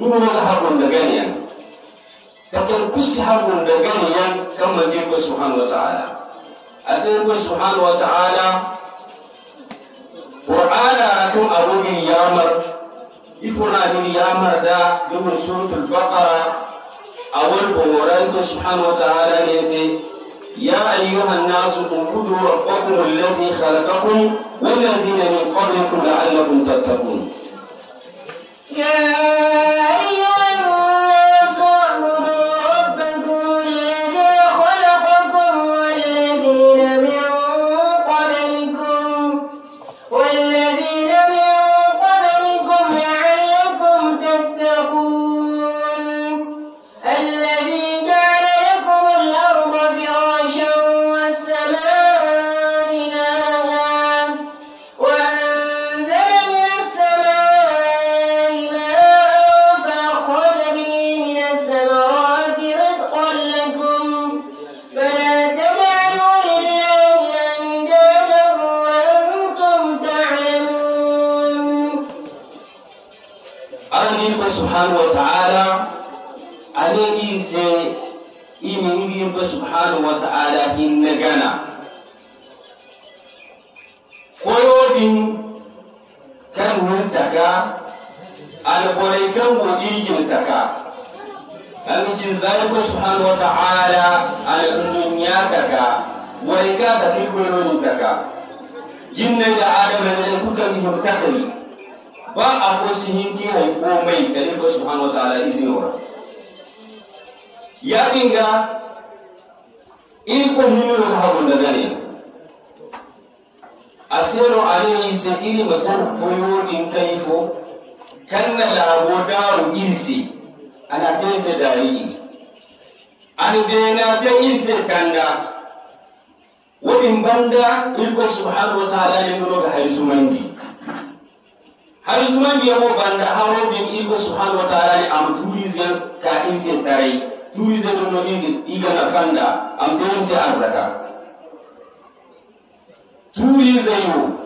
Nuna na harbin da gani yan. Kakan kusi harbin da gani yan kan manjin ko subhanahu wa ta'ala. A sai ko subhanahu wa ta'ala Qur'ana akan abogin yamar ifuna din yamar da dukkan suratul baqara awal bomoran ko subhanahu wa ta'ala ne sai يا أيها الناس اعبدوا ربكم الذي خلقكم والذين من قبلكم لعلكم تتقون Yeah. in na gana koyodin kan wurtaka alƙwarai kan gogi girtaka alƙin zaliku subhanahu wa ta'ala alƙundun ya taka wai ka ta fi koyodin taka yin na da adama da kuka yi hirtakari ba a yin ki haifo mai ɗari da su hannu wa ta'ala izinin wa ya ga ili kuhimili hapo ndani asero alayhi sa'ili matar koyo din kaifo kanna la godaru insi ana tese dari an dena ta insi kanda wadin banda ilko subhanahu wa ta'ala ne no ga haizumangi haizumangi yabo banda hawo din ilko subhanahu wa ta'ala ne am tourism ka insi tarai yuridu no igana fanda am donse arzaka turi zayu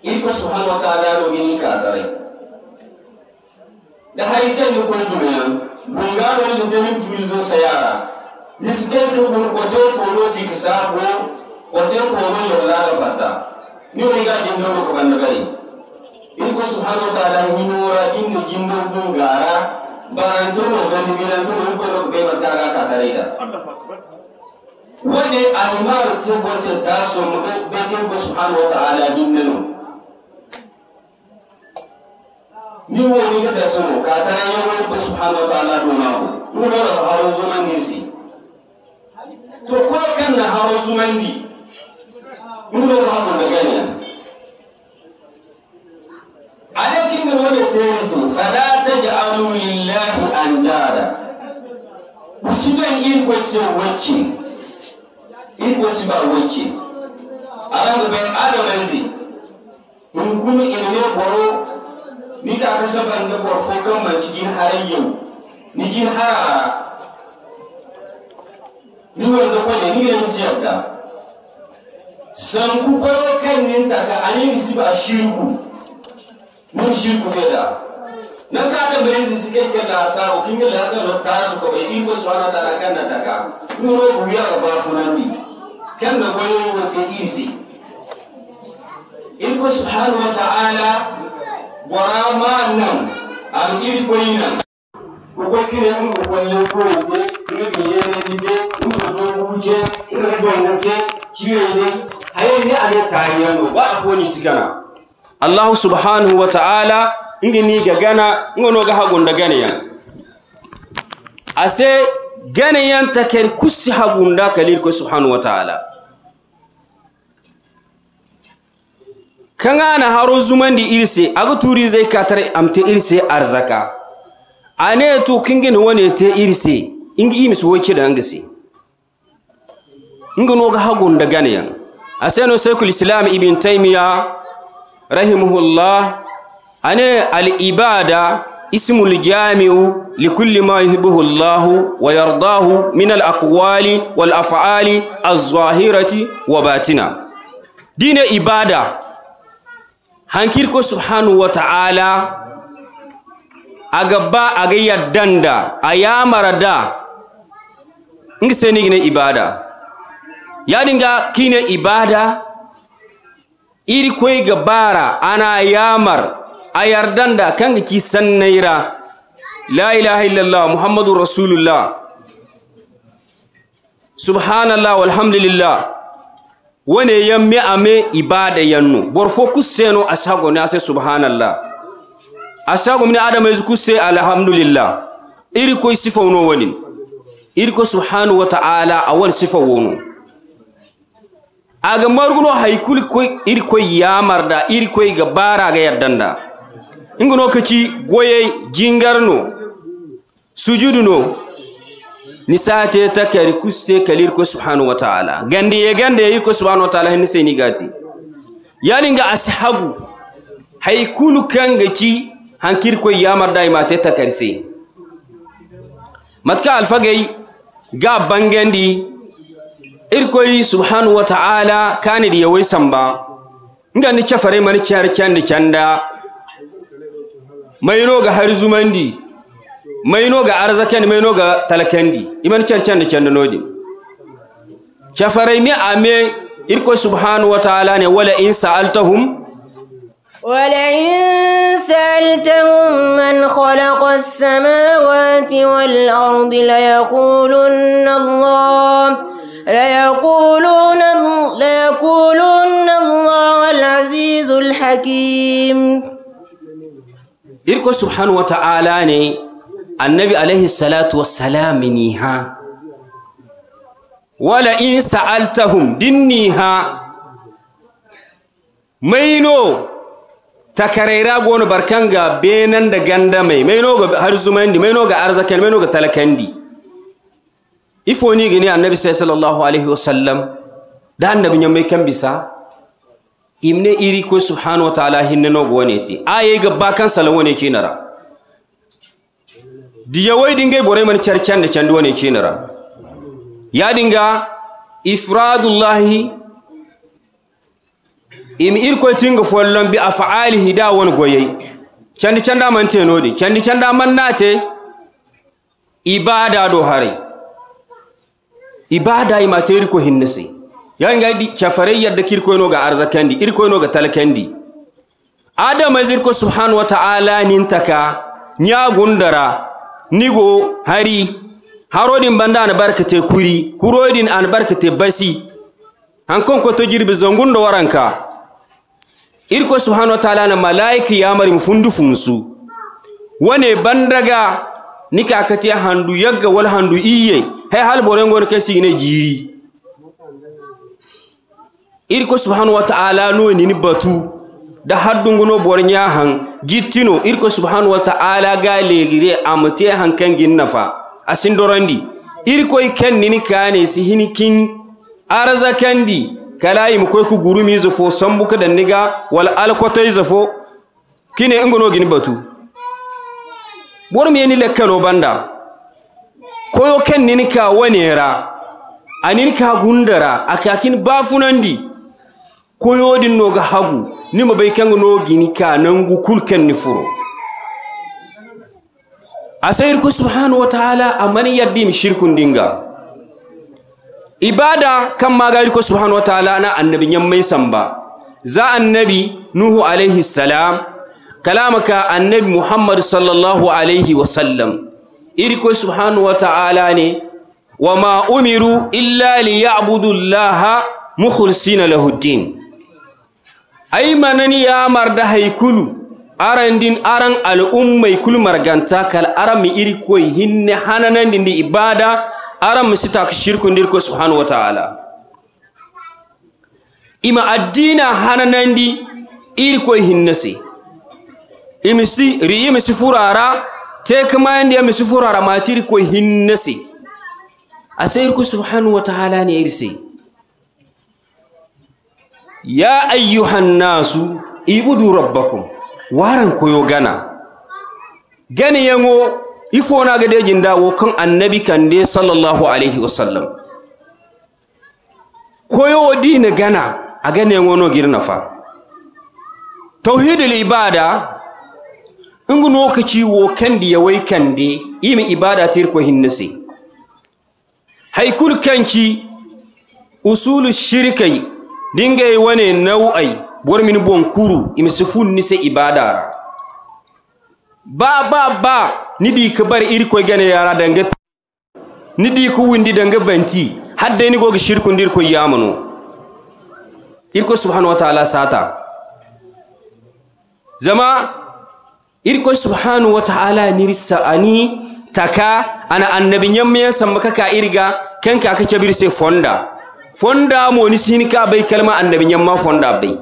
Iko subhanahu wa ta'ala ro gini ka da haikan kon duniya bungaro ni to ni turi zo sayara nisbel ko gon ko to foro ti kisabo ko ni ro ga jindo ko kan da bari wa ta'ala ni nora jindo fungara barantumo gani milantumo ko be masara ka tarida wani alimaru ti bosin ta so mu ga bakin ko subhanahu wa ta'ala din nan ni wo ni da so ka ta yi wani ko subhanahu wa ta'ala do ma ko mu da da hawo zuman ni si to ko kan da hawo zuman ni mu da hawo da gani alakin da wani ta yanzu fala taj'alu lil considering inquisition working. Impossible working. Alan ben Adam enzi. Hunkumi boro ni da aka saba inda borfo kan cikin haran yau. Ni jin hara. Ni wanda kwaje ni ran siyar da. San ku kwayo kan ninta ka alimisi ba shirku. Mun shirku da. nan ka ta bayin su suke ke da sa kin yi haka da ta su ko bai iko su ana ta kan da taka mun ro buya ga ba funan ni kan da goyo wata isi iko subhanahu wa ta'ala wara ma nan an iri koyina ko kire mun ko falle ko wata ni bi yene ni je mun ko huje ina ba wuje kiyo ne hayi ne a ne tariyan ba a foni sigana Allah subhanahu wa ta'ala ingi ni ga gana ngono no ga da gane yan ase gane yan ta ker kusi da kalil ko subhanahu Taala. kanga na haro di irse aga turi zai katar amte irse arzaka ane to kingin wane te irse inga imis woke da angasi ingi no ga da gane yan sai kul islam ibn taymiya rahimahullah ane alibada ismu ljamiu likuli ma yuhibuhu llahu wa yardahu min alaqwali walafali alzahirati wa batina dine ibada hankirko subhanahu wa ta'ala aga ba aga yaddanda a da ngi senigine ibada yadinga kine ibada iri koy ga bara ana yamar a yardan da kan ga kisan naira la ilaha illallah muhammadu rasulullah subhanallah walhamdulillah wane yamme ame ibada yannu borfo kusseno asago ne ase subhanallah asago mine adama yezu kusse alhamdulillah iri koy sifa wono wani iri ko subhanahu wa ta'ala awal sifa wono aga margu no koy iri koy yamarda iri koy ga baar'a ga yaddanda ingono kaci goye jingarno sujuduno ni sate ta kusse kalir ko subhanahu wa ta'ala gandi ye gande yi ko subhanahu wa ta'ala hin sai ni gati yalinga ashabu haikulu kanga ci hankir ko yamar dai mate ta kari sai matka alfagai ga bangandi yi subhanahu wa ta'ala kanidi yawai samba ngani chafare mani char chandi kanda maino ga harzumandi maino ga arzakandi maino ga talakandi iman charchanda chanda noji chafaraymi ame irko subhanahu wa ta'ala ne wala in sa'altahum ولئن سألتهم من خلق السماوات والأرض ليقولن الله ليقولن ليقولن الله العزيز الحكيم irko subhanahu wa ta'ala ne annabi alaihi salatu Wa ni niha wala in sa'altahum dinniha maino takaraira gono barkanga benan da ganda mai maino ga harzumandi maino ga arzakan maino ga talakandi ifoni gini annabi sallallahu alaihi sallam da annabi nyamai kan bisa imne iri ko subhanahu wa ta'ala hinnano go wone ti aye ba kan salan wone kinara ya wai dinga bore man charchan da chan wone kinara ya dinga ifradullahi im ko tinga follon bi afaalihi da won goyei chan da man te nodi chan da man nate ibada do hari. ibada ima ko irko hinnasi yan gadi da yadda kirkoyno ga irko irkoyno ga talakandi adama zirko subhanahu wa ta'ala nintaka nya gundara nigo hari harodin banda an barkate kuri kurodin an barkate basi hankon ko to jirbi zongundo waranka irko subhanahu wa ta'ala na malaiki mari mufundu funsu wane bandaga nika akati handu yagga wal handu iye hay hal borengon kesi ne jiri irko subhanahu wa ta'ala no ni batu da haddunguno borin bornya han gittino irko subhanahu wa ta'ala ga legire amte han kan ginnafa asin dorandi irko ken nini kane si hinikin arza kandi kalai mu koy ku gurumi zafo sambuka da niga wal alqata zafo kine ngono gini batu borum ni lekkano banda koyo ken nini ka wanera anin ka gundara akakin bafunandi koyodin noga hagu nima bai kan no gini ka nangu kulkan ni furo asayir ku subhanahu ta'ala amani yaddim shirkun dinga ibada kan magari ku subhanahu ta'ala na annabi yammai samba za annabi nuhu alaihi salam kalamaka annabi muhammad sallallahu alaihi sallam, iri ku subhanahu ta'ala ne ma umiru illa liya'budu allaha mukhlisina lahu din ai manani ya marda haikulu aran din aran al'ummai kul marganta kal arami iri ko hinne hananan din di ibada aran musita ka shirku ndir ko subhanahu wa ta'ala ima addina hananan di iri ko hinne si imisi ri imisi furara te kuma ya imisi furara matiri koy hinne si asairku ko subhanahu wa ta'ala ne irsi ya ayyuhan nasu ibudu rabbakum waran koyo gana gani yango ifo na ga dejin dawo kan annabi kan dai sallallahu alaihi wasallam koyo dina gana a gani yango no girna fa tauhidul ibada ingu kaci wo kandi ya wai Kande, imi ibada tir ko hinnasi haikul kanki usulu shirkai yi wane nau'ai warmin min bonkuru imsifun ni ibada ba ba ba ni di ka bar iri koy gane yara danga ni di ku windi danga banti hadde ni goga shirku ndir koy yamanu irko subhanahu wa ta'ala sata zama irko subhanahu wa ta'ala nirsa ani taka ana annabi yamma san maka ka irga kanka aka kabir sai fonda fonda moni sini ka bai kalma annabi nyamma fonda bai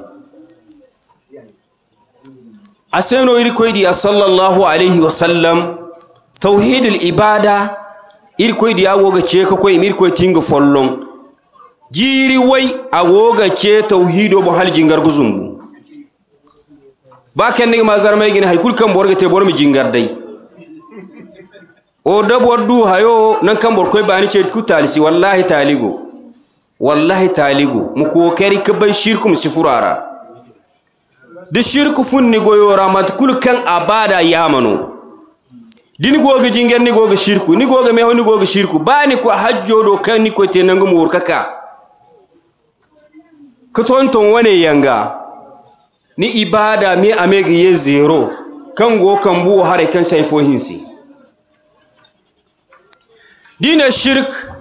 aseno iri koydi ya sallallahu alaihi wa sallam tauhidul ibada iri koydi ya woga ce ka koy mir koy tinga follon jiri wai a woga ce tauhido bo halji jingar guzumbu ba ken ni mazar mai gina haykul kan borga te bor mi jingar dai o dabo du hayo nan kan bor koy bani ce ku talisi wallahi taligo wallahi taligu muko kari kaban shirkum sifurara da shirku funni goyora kul kan abada yamano din goga jingen ni goga shirku ni goga me ni goga shirku bani ko hajjo do kan ni ko mu murkaka ka tonton wane yanga ni ibada me amega ye zero kan go kan buwo hare kan sai fohinsi dina shirku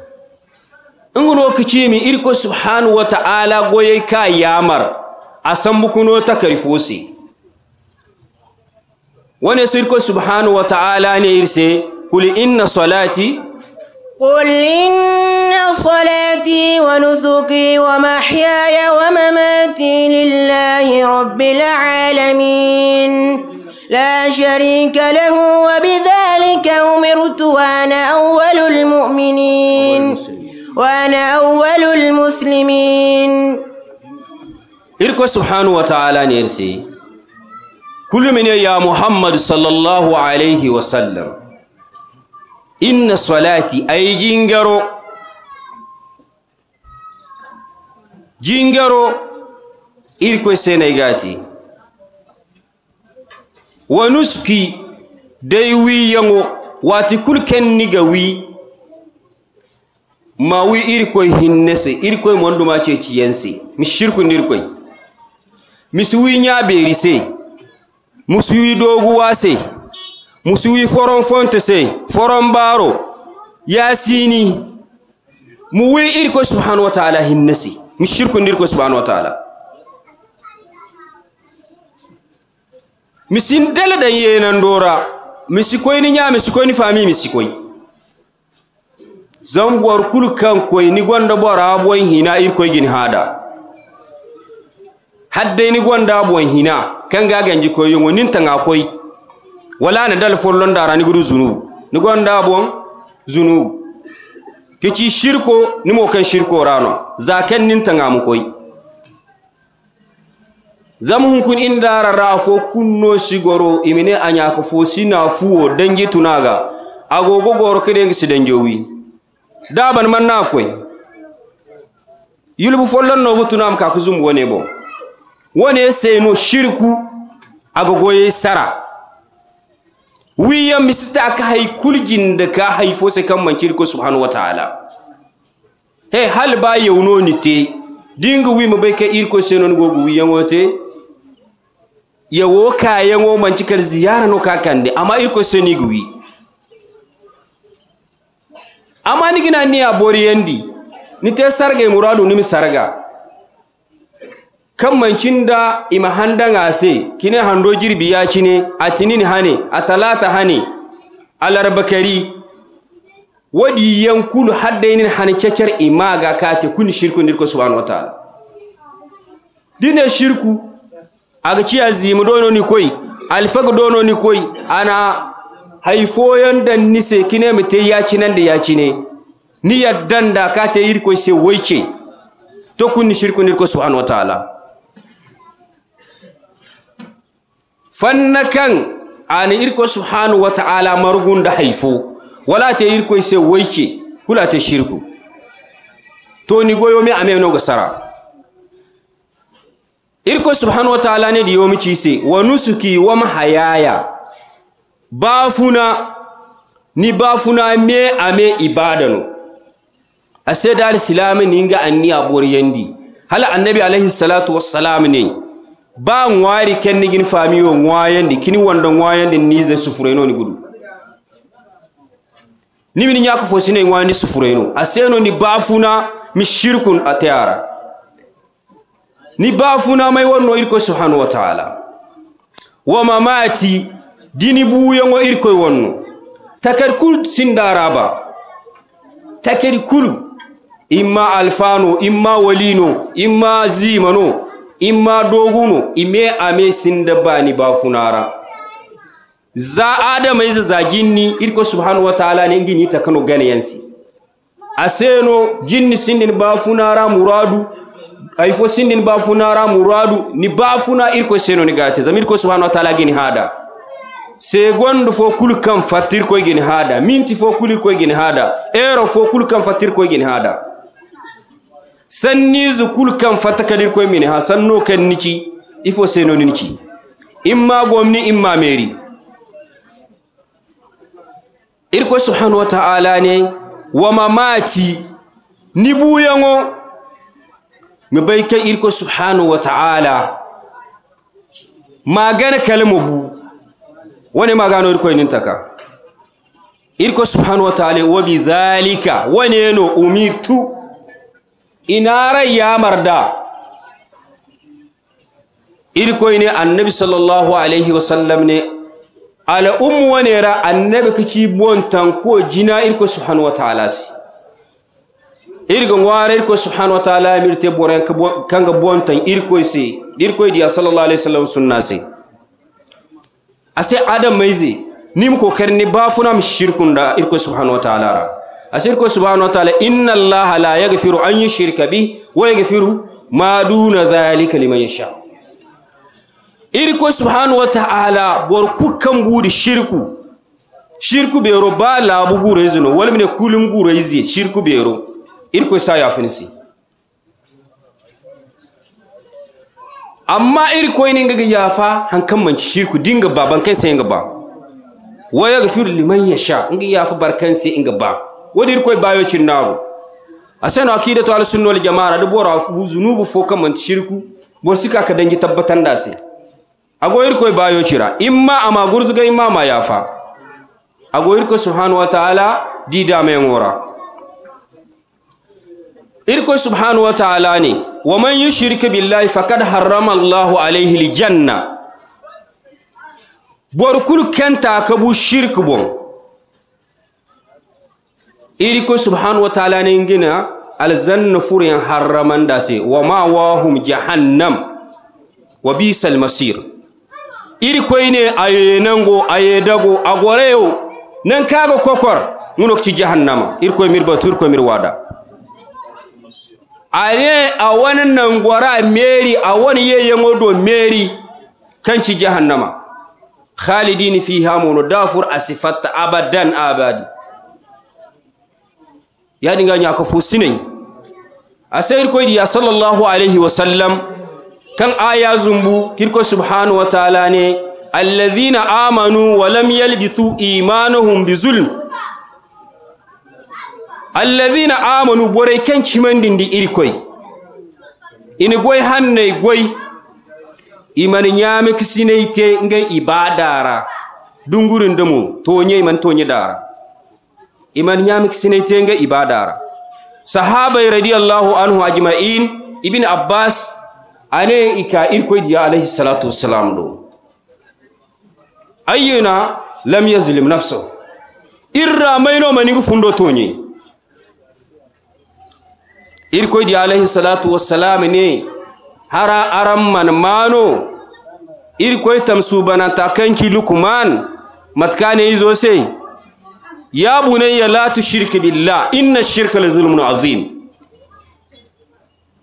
inguno kichimi irko subhanahu wa ta'ala goye ka yamar asambu kuno takarifusi wane sirko subhanahu wa ta'ala ne irse kul inna salati قل إن صلاتي ونسكي ومحياي ومماتي لله رب العالمين لا شريك له وبذلك أمرت وأنا أول المؤمنين وأنا أول المسلمين إركو سبحانه وتعالى نيرسي كل من يا محمد صلى الله عليه وسلم إن صلاتي أي جنجرو جنجرو إركو سينيغاتي ونسكي ديوي يمو واتي كل كن نيغوي ma mawi irkoy hinnese irkoy monduma ceciyense mi shirkundirkoy mi suwi ñaɓeeri se mi suwi doguwa se mi suwi foron fonte se foron baaro yasini mi wi irkoy subhanahu wa taala hinnese mi shirkundirkoy subhanahu wa taala mi sin dele ɗen yenandora mi sikoyni ña mi sikoyni fami mi sikoy zambuwar kulkan koi ni gwanda bora boy hina ir koy gin hada hadde ni gwanda boy hina kan ga ganji koy yongo nin tanga koy wala na dal follon dara ni guru zunub ni gwanda bon zunub kici shirko ni mo kan shirko rano zakan nin tanga mu koy zamuhun kun inda dara kunno shigoro imine anya ko fo sina fuo dangi tunaga agogo goro kiden si danjowi daban man na koy yulbu follon no gutunam ka zum wone bo wone seno shirku agogoye sara wiyan misita ka hay kuljin da ka fo se kan man kirko subhanahu ta'ala he hal ba yauno ni te dinga wi mu bai ka irko seno gogu wiyan wote yawo kayan wo man cikar ziyara no kakande amma irko seni gwi amma ni gina ni a bori yandi ni te sarga muradu ni mi sarga kan mancin da ima handan ase kine hando jirbi ya ne a tinin hane a talata hane a larbakari wadi yankulu haddainin hane cacar ima ga kate kun shirku nirko subhanahu wataala dine shirku aga ci zimu dono ni koy alfaga dono ni koy ana hay foyondan ni sekine mi te yacinande ne ni da ka ta yi koy se woyce to kunni shirkunir ko subhanahu wa taala fannakan kan ani irko subhanahu wa ta'ala marugunda haifo wala yi irko se woyce kula ta shirku to ni goyo me ame no gasara irko subhanahu wa ta'ala ne diyo mi se wa nusuki wa mahayaya baafuna ni baafuna me ame ibada a a da alisilami ga anni a yandi. hala annabi alaihi salatu wassalam ne ba fami yo nwayen di, kini wanda sufure no ni gudu Ni nimini ñaka fo sine sufure n'o, a no ni baafuna mi shirkun a ni baafuna mai wonno irko subhanahu wa taala wa maati dini ngo irkoye wonno takar kul sindaraba takar kul imma alfano imma walino imma zimano imma doguno ime ame sinda bani ba funara za adama iza zaginni irko subhanahu wa ta'ala ne ngini takano gane yansi aseno jinni sindin ba funara muradu ayfo sindin ba funara muradu ni ba funa irko seno ni gate zamir ko subhanahu wa ta'ala gini hada segondu fo kul kam fattir gin hada minti fo kuli gin hada, ero fo kul kam fattir hada, haada sannizu kul kam fatta kadir min ha sanno kan nici ifo seno senoni nici imma gomni imma meri irko subhanahu wa ta'ala ne wa mamati ni buyango mi bai kai irko subhanahu wa ta'ala magana kalmu bu ma gano irko nintaka irko subhanahu wa ta'ala wa zalika wani no umirtu inara marda irko ne annabi sallallahu alaihi wa sallam ne ala ummu wani ra annabi kici bontan ko jina irko subhanahu wa ta'ala si irgo ngwara irko subhanahu wa ta'ala mirte boran kanga bontan irko si irko dia sallallahu alaihi wasallam sunnasi A sai adam mai zai. Ni ne ba funa mu shirkun da irko subhanahu wa ta'ala ra asirko subhanahu wa ta'ala inna allaha la yaghfiru an yushrika bi wa yaghfiru ma duna dhalika liman yasha irko subhanahu wa ta'ala bor kukan budi shirku shirku bero ba labu gure zino wal mine kulum gure izi shirku bero irko sa ya finsi amma iri koy ninga ga yafa hankan manci shirku dinga ba ban kai sai inga ba ya yaghfiru liman yasha ya fa barkan sai inga ba Wani iri koy bayo cin nago asano akidatu al sunna wal jamaa da bora fu zunubu fo kan manci shirku bor suka ka dangi tabbatan da sai a iri koy bayo cira imma ama gurzuga imma ma fa a iri ko subhanahu wa ta'ala di da mai ngora iri koy subhanahu wa ta'ala ne wa man yushrika billahi faqad harrama Allahu alayhi aljanna bor kul kanta kabu shirk bon iri ko subhanahu wa ta'ala ne ngina alzanna furyan harraman da wa ma wahum jahannam wa bisal masir iri ko ne ayenango ayedago agoreo nan kaga kokor munok ci jahannama iri ko mir mirwada ane a wani nangwara meri a wani yeyen odo meri kanci jahannama khalidin fi mono dafur asifatta abadan abadi ya dinga nya ka asayir koydi ya sallallahu alaihi wa sallam kan aya zumbu kirko subhanahu wa ta'ala ne alladhina amanu wa lam yalbisu imanuhum zulm allazina amanu boray ken cimandi ndi iri koy ini goy hannay goy imani ñaame kisineyte ngay i baa daara dungurin damo toñe iman toñe daara iman ñaame kisineyte ngay i sahaba daara sahabay radiyallahu anhu ajma'in ibn abbas ane ika irkoy diya alayhi salatu wassalam do. ayyuna lam yazlim nafsahu irra mayno maningu fundo toñe di alaihi salatu wassalam ne hara aran man mano irkoy bana ta kanki lukman matkane izo sai ya bunayya la tushrik billah inna shirka la zulmun azim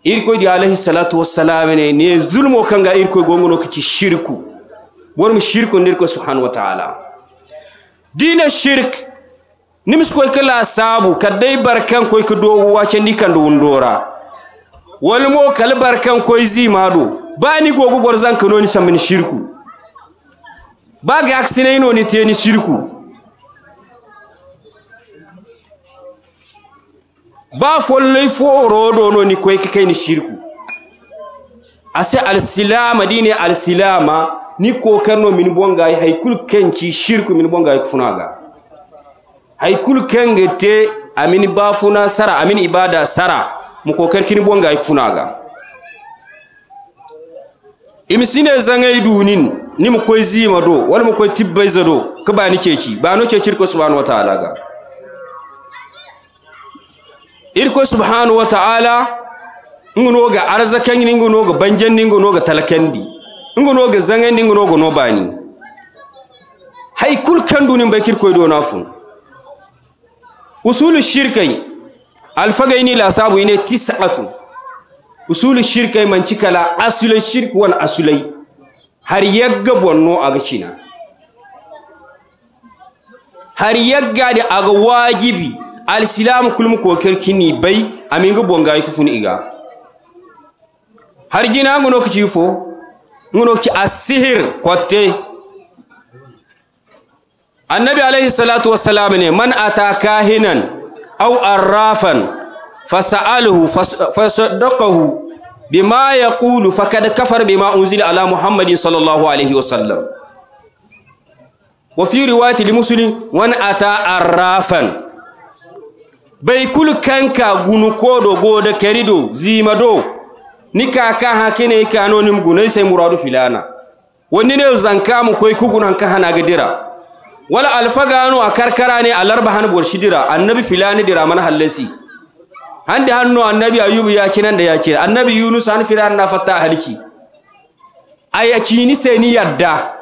irkoy di alaihi salatu wassalam ne ne zulmo kanga irkoy gongono kici shirku wonmo shirku ndirko subhanahu wa ta'ala dina shirk nimis koy kala sabu kadai barkan koy ka do wace ni kan wundora wal mo kal barkan koy zimado bani gogo borzan kano ni shamin shirku ba ga aksine ino ni teni shirku ba follai fo rodo no ni koy kai ni shirku ase alsilama dine al-silama ni ko kanno min bonga hay kul kenci shirku min bonga funaga haikul kenge te amini bafuna sara amini ibada sara kokar kin bonga ga. imisine zangai dunin ni mukoi zima do wal mukoi tibbai zado ka ba ni ceci ba no ceci ko subhanahu wataala ga irko subhanahu wataala nguno ga arzakan ni nguno ga banjan ni nguno ga talakandi nguno ga zangan ni nguno ga bani hay kul kan dunin bai kirko do nafun usulu shirkai alfagai ni la sabu ne tis'atu usulu shirkai man cikala asulai shirk wani asulai har yagga bonno aga cina har yagga da aga wajibi alsilamu kulmu kokar kini bai aminga bonga ku funi iga har jina ngono kici fo ngono kici asihir kotte annabi alaihi salatu wassalam ne man ata kahinan aw arrafan fasa'aluhu fasaddaqahu bima yaqulu faqad kafar bima unzila ala muhammadin sallallahu alaihi wasallam wa fi riwayati muslim wan ata arrafan bai kul kanka gunu kodo goda kerido zimado ni kaka hakine kanonim gunai sai muradu filana wani ne zanka mu koi kugunan ka hana gadira wala alfagano a karkara ne a larba hannu borshi dira annabi filani dira mana hallasi hannu hannu annabi ayubu ya nan da ya ki annabi yunus hannu fira na fata halki ayakini sai ni yadda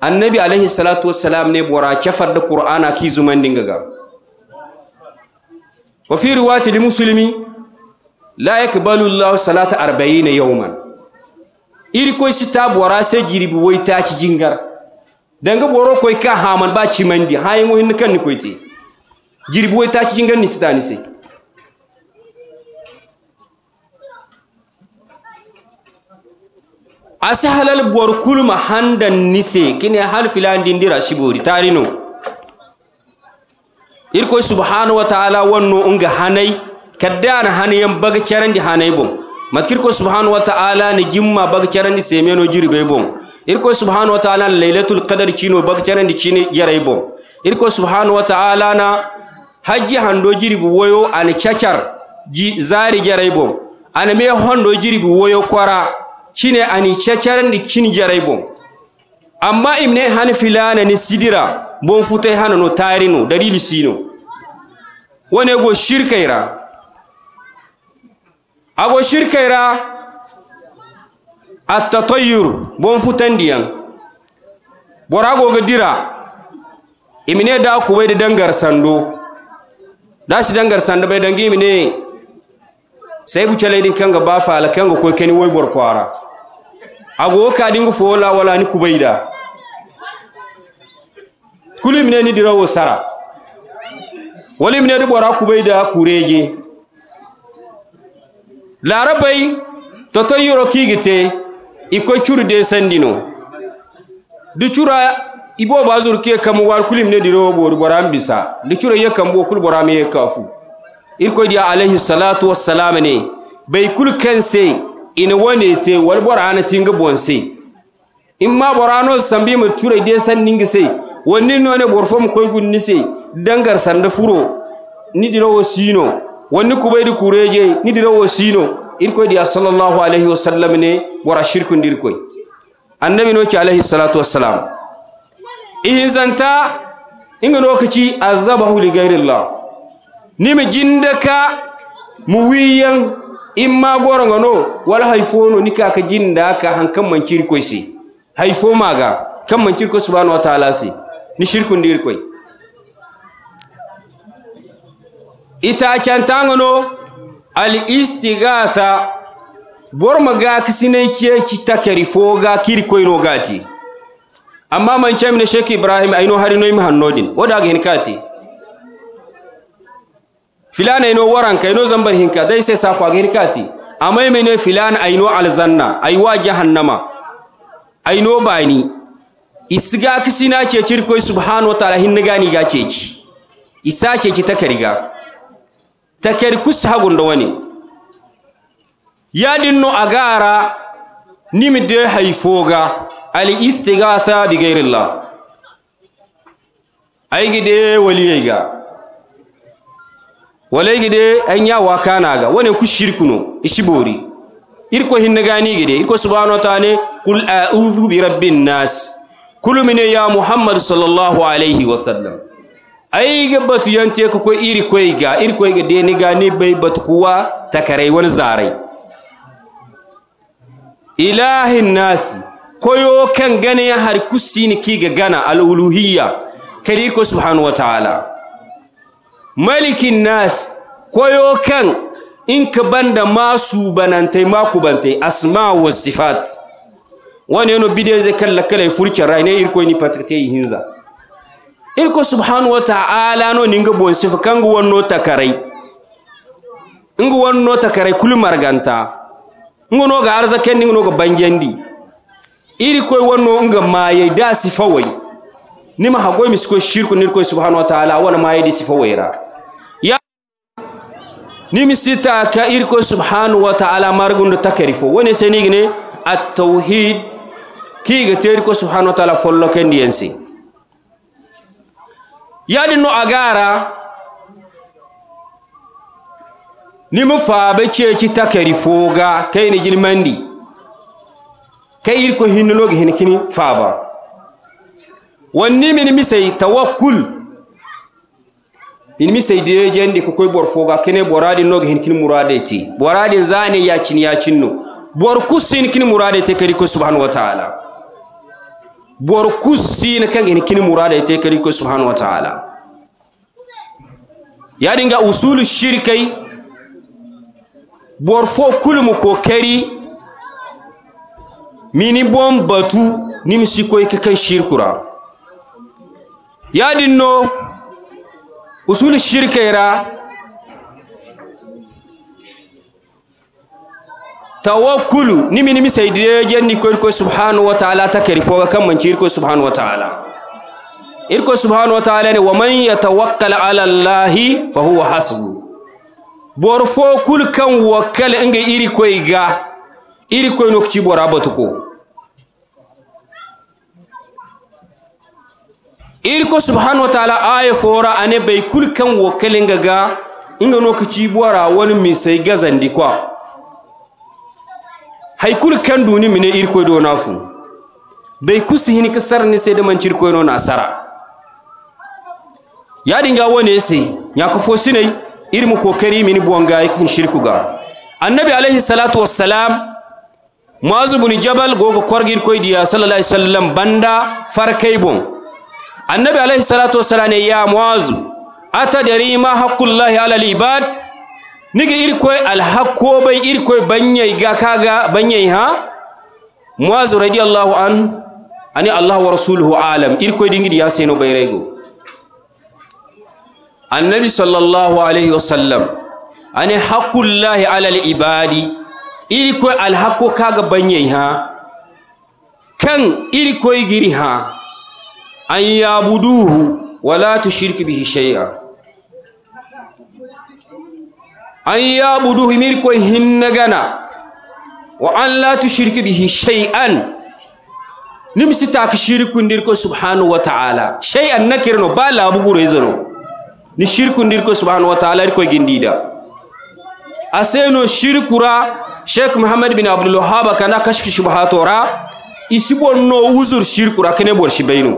annabi alaihi salatu wasalam ne bora kyafar da qur'ana ki zuman dingaga wa fi riwayati li musulmi la yaqbalu allah salata 40 yawman iri ko sita bora sai jiribi wai ta ci jingar danga boro koy ka haman ba cimandi hayengo hinne kanni koyte jiribu woy taci jinganni sitani se asi halal bor kulma handan nise kine hal dira shibori tarino koi subhanahu wa taala wonno unga hanay kaddana hanayan baga carandi hanay bom. matkirko subhanahu wa ta'ala ni gimma bagcarandi semeno jiribey bon irko subhanahu wa ta'ala laylatul qadar cino bagcarandi kini yaray bon irko subhanahu wa ta'ala na haji hando bu woyo an chachar ji zari yaray bon an me hondo bu woyo kwara an ani cacarandi cini yaray bon amma imne han filana ni sidira bon futai hanano tarino dalili sino wone go shirkaira ago shirkaira attatayyur bon futandiyan bora ga dira imine da ku bai da dangar sando da shi dangar sando bai dangi imine sai bu chale din kanga ba fa ala kanga ko keni wai bor kwara ago ka dingu fola wala ni kubaida kulimine ni dirawo sara walimine di bora kubaida kureje larabai toto yoro kigite iko sandi sandino du cura ibo ba zurke kama war kulim ne diro bor gwaram bisa du cura ye kambo kul gwaram ya kafu iko dia alaihi salatu wassalam ne bai kul sai ina wane te wal borana tinga bonse in ma borano sambi mu cura de sandingi se wonni none borfom koy gunni se dangar sanda furo ni diro sino wonni kuɓeydi kureje ni dirawo sino ir koyɗi a sallallahu alaihi wa sallam ne wara shirkudir koy annabi noki alayhi salatu wassalam in inga lokaci azabahu li ghairillah ni mi ka mu in imma goronga no wala haifono ni ka jinda ka hankan man kirkoi si hayfo maga kan man ko subhanahu wa taala si ni shirkundir koy itacen tangano al-istighatha borma ga kisine ke ki takari fo ga kiri no gati amma man chamne sheki ibrahim Aino hari no imi hannodin woda ga hin kati filan Aino waran ka kayno zambar hinka dai sai sa kwa ga hin kati amma mai ne filan Aino alzanna aywa jahannama Aino bani isiga kisina ce cirkoi subhanahu wa ta'ala hin gani ga ki isa ceci takariga takeri kusa da wani yadinno agara nimi de hayfoga al istigasa bigairillah aigi de ga walaigi de an yawa ga wani ku shirkuno ishibori irko gani gide irko subhanahu wa ta'ala kul a'udhu bi rabbin nas kulumine ya muhammad sallallahu alaihi wasallam ga batu yante ko ko iri ga iri ga deni ga ni bai batu kuwa takarai wani zarai ilahin nasi koyo kan gane har ni ki ga gana al'uluhiyya kari ko subhanahu wa ta'ala malikin nasi koyo kan in ka banda masu banantai maku bantai asma wa sifat wani yano bidiyar zai kalla kala ya furke rai ne irko ni yi hinza irko subhanahu wa ta'ala no ninga bon sifa kangu wonno takarai ngu wonno takarai kulu marganta ngu no ga arza kendi ngu no ga bangendi iri wonno nga maye da sifa nima hagoy misko shirku nirko subhanahu wa ta'ala wala maye di sifa wayra ya nimi sita ka irko subhanahu wa ta'ala margundo takarifo woni senigne at tauhid kiga teriko subhanahu wa ta'ala follo kendi yensi yali no agara ni mu faabe ceeci takari fooga kayni jilmandi kai ir ko hinnologe hin kini faba wanni min misai tawakkul min de jendi ko koy bor fooga kene boradi noge hin kini murade te boradi zane ya yacinno bor kusin kini murade te kadi ko subhanahu wa taala bor na kan ina kini murada ya kari ko subhanahu wa ta'ala ya dinga usulu shirkai borfo fo kulmu ko kari mini bom batu nimsi ko kan shirkura ya dinno usulu ra. tawakkulu nimi nimi saydideyo jenni ko irko subhanahu wa taala ta takeri foga kan manci irko subhanahu wa taala irko subhanahu wa taala ne man yatawakkal ala Allah fa huwa hasbu bor fo kul kan wakkal nga iri koy ga iri koy nok ci bora ko. irko subhanahu wa taala aya fora ane bay kul kan wakkal nga ga inga no ci bora wani misai gazandi kwa haikul kan duni mine irko do nafu bai kusi hini kasar ni sai da mancir ko no nasara ya dinga wone sai ya fosi ne irmu kokari mini buwanga kun shirku ga annabi alaihi salatu wassalam muazu bin jabal gogo korgin koy diya sallallahu alaihi wasallam banda farkai bon annabi alaihi salatu wassalam ya muazu atadari ma haqqullahi ala al-ibad niga irkoy alhakkobay irkoy banyay ga kaga banyay ha muazu radiyallahu an ani allah wa rasuluhu alam irkoy dingidi ya seno bayrego annabi sallallahu alaihi wasallam ani haqqullahi alal ibadi irkoy alhakko kaga banyay ha kan irkoy giri ha an yabuduhu wala tushirku bihi shay'a an yabuduhu mirko gana wa an latu shirki bihi shay'an nimsi tak shirku ndirko subhanahu wa ta'ala shay'an kirno ba labu gure zano ni shirku ndirko subhanahu wa ta'ala ko gindida shirku shirkura shek muhammad bin abdul wahhab kana kashfu shubhatora isibonno uzur shirkura kene bor bainu.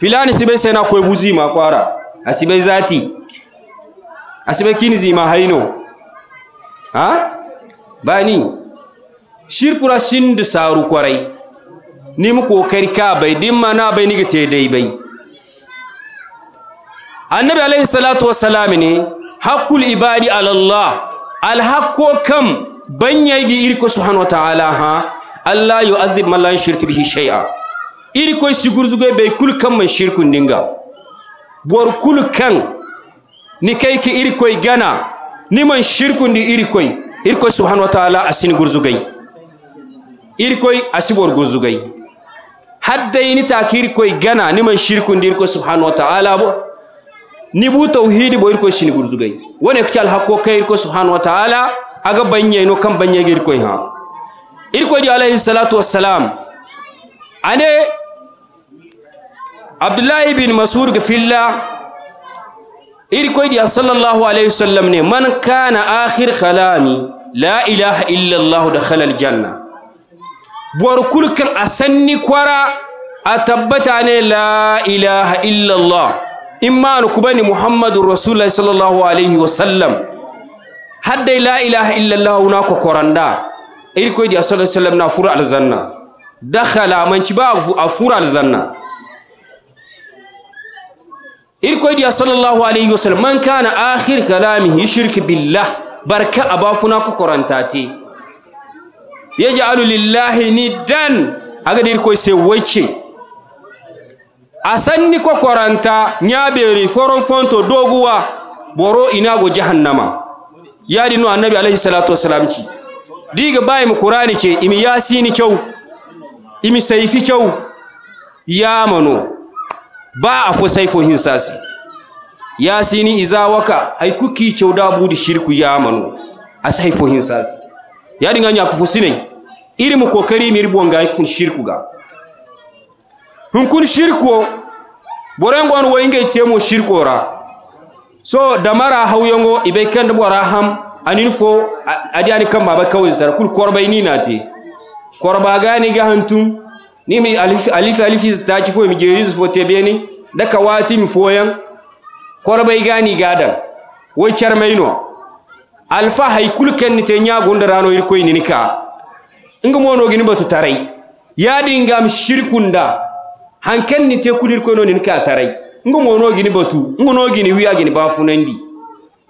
filani sibai sai na buzi buzima kwara asibai zati asibe kini zima haino ha bani shirkura da saru kwarai ni mu kokari ka bai din ma na bai niga te dai bai annabi alaihi salatu wassalam ne haqqul ibadi ala allah al haqqo kam banyagi irko subhanahu wa ta'ala ha allah yu'azzib man la yushrik bihi shay'a irko sigurzugo bai kul kam man shirkun dinga bor kul kan ni iri koi gana ni man iri koi, iri koi subhanahu wa ta'ala asini gurzugay irkoy asibor hadda ini taki koi gana ni man shirku iri koi subhanahu wa ta'ala bo ni bu tauhidi bo irkoy sini gurzugay wone kical hakko iri koi subhanahu wa ta'ala aga banye no kam banye irkoy ha koi di alayhi salatu wassalam ane abdullahi bin Masur gafilla iri koy diya sallallahu alaihi wa sallam ne man kana akhir kalami la ilaha illallah dakhala aljanna bor kulkan a sanni kwara a tabbata ne la ilaha illallah imma ku bani muhammadur rasulullahi sallallahu alaihi wa sallam hadde la ilaha illallah na ko koranda iri koy diya sallallahu alaihi wa sallam na furu alzanna. dakhala man ci ba a furu aljanna irkoydi diya sallallahu alaihi wasallam man kana akhir kalamihi shirk billah barka abafuna ko korantati yaj'alu lillahi niddan agadi irkoy se wacce asanni ko koranta ñaɓeeri foron fonto doguwa boro ina inago jahannama yaadi no annabi alaihi salatu wasalam ci diga mu qur'ani ce imi yasini kyau, imi kyau ya yamano ba a fi saifohin sasi ya sini iza waka haikuki chauda budi shirku ya manu, a saifohin sasi ya dinga kufu sinai iri mu kokari mi ribo ga kun shirku ga hun kun shirku borengo an woinge temo ra so da mara hauyango ibai kan da bora ham anin fo adi ani kamba ba kawin sar kul korbai ni nati korba gani ga hantum Ni nimi alifi alifi alifi ci fo mi geriz fo da ka wati mi foyan korbay gani gadan wo charmayno alfa ken ni te gonda rano ni ka inga mono ni batu tarai yadi ngam shirkunda ni te kulir koy no ka tarai inga mono ni batu inga no ni wiya nandi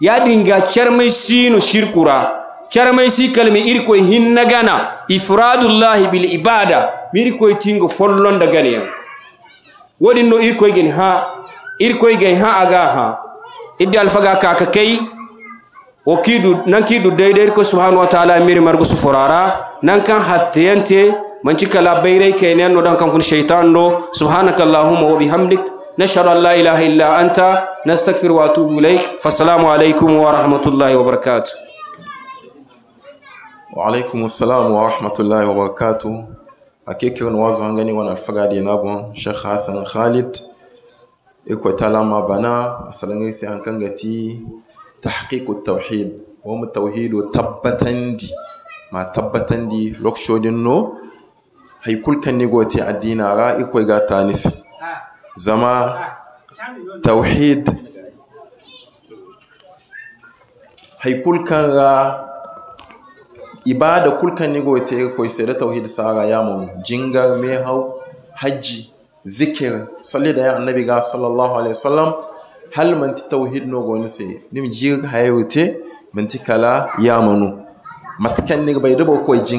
ya di nga mai sino shirkura charamay si kalmi iri koy hinna gana ifradullahi bil ibada miri koy tingo follonda gani yam wodi no iri koy gani ha iri koy gani ha aga ha idde alfaga kaka kay o kidu nan kidu deydeyri ko subhanahu wa taala miri margo suforara nan kan hatteyante manci kala bayray kaynen no dan kan fun shaytan do subhanaka allahumma wa bihamdik nashhadu an la ilaha illa anta nastaghfiruka wa atubu ilayk fassalamu alaykum wa rahmatullahi wa barakatuh waalaikum salam warahmatullahi wabarakatu hakika wani wazo hangani wani alfagadi nabo shekh hassan khalid iko talama bana asalanga sai an kanga ti tahqiqu wa mu tauhidu tabbatandi ma tabbatandi lokshodin no haikul kan ni addina ra iko ga tanisi zama tauhid haikul kan ra ibada kulkan go te sai da tauhid sara ya mu jinga me hau haji zikir salli da ya annabi ga sallallahu alaihi wasallam hal man tauhid no go ni se nim jir hayote man kala ya manu matkan ni bai dubo ko Jinga.